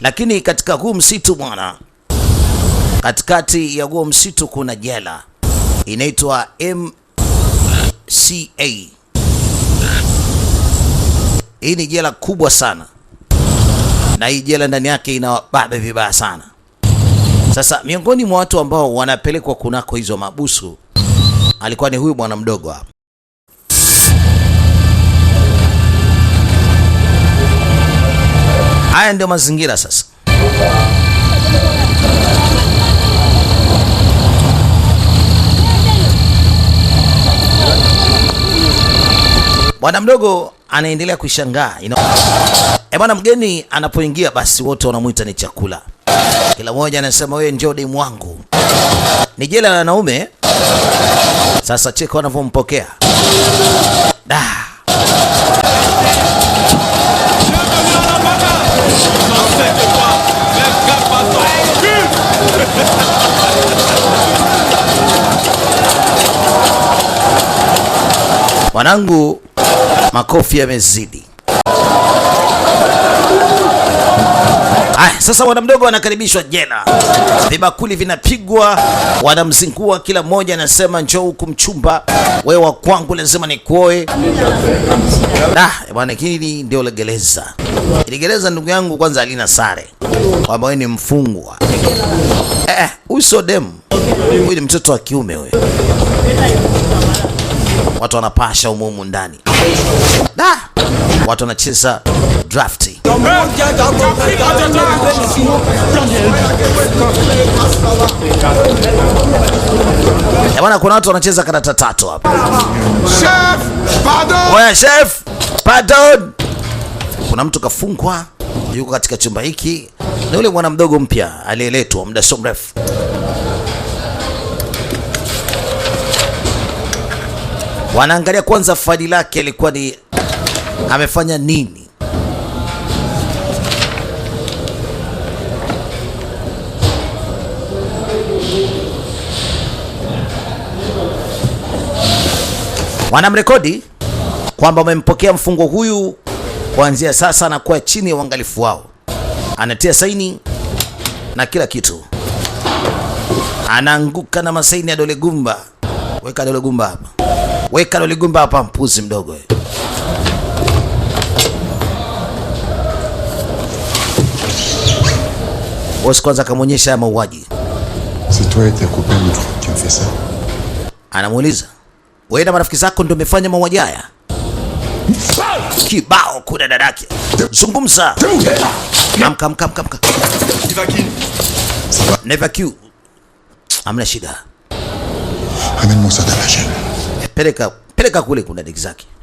Lakini katika huu msitu bwana, katikati ya huo msitu kuna jela inaitwa MCA. Hii ni jela kubwa sana, na hii jela ndani yake inawababe vibaya sana. Sasa miongoni mwa watu ambao wanapelekwa kunako hizo mabusu alikuwa ni huyu bwana mdogo hapa. Haya ndio mazingira sasa. Bwana mdogo anaendelea kuishangaa ino... E bwana, mgeni anapoingia basi wote wanamwita ni chakula. Kila mmoja anasema wewe njoo demu wangu, ni jela la wanaume. Sasa cheka wanavyompokea da Wanangu, makofi yamezidi. Aya, sasa wana mdogo wanakaribishwa jena, vibakuli vinapigwa, wanamzingua, kila mmoja anasema njoo huku mchumba, wewe wa kwangu lazima nikuoe. Ah, bwana, kini ndio legeleza. gereza. ndugu yangu, kwanza alina sare kwamba wewe ni mfungwa. Eh, eh, huyu sio demu, huyu ni mtoto wa kiume huyu watu wanapasha umumu ndani nah. watu wanacheza drafti eh, bana Kuna watu wanacheza karata tatu hapa. chef, pardon. Kuna mtu kafungwa yuko katika chumba hiki, na yule mwana mdogo mpya aliyeletwa muda sio mrefu wanaangalia kwanza fadi lake alikuwa ni amefanya nini. Wanamrekodi kwamba wamempokea mfungo huyu kuanzia sasa, anakuwa chini ya uangalifu wao, anatia saini na kila kitu, anaanguka na masaini ya dole gumba. Weka dole gumba hapa. Weka loligumba hapa, mpuzi mdogo. Bosi kwanza akamwonyesha ya mauaji, anamuuliza wewe na marafiki zako ndio umefanya mauaji haya? Kibao kuna dadake, zungumza amka, amka, amka, amka. Never kill. Amna shida peleka peleka kule, kuna deki zake.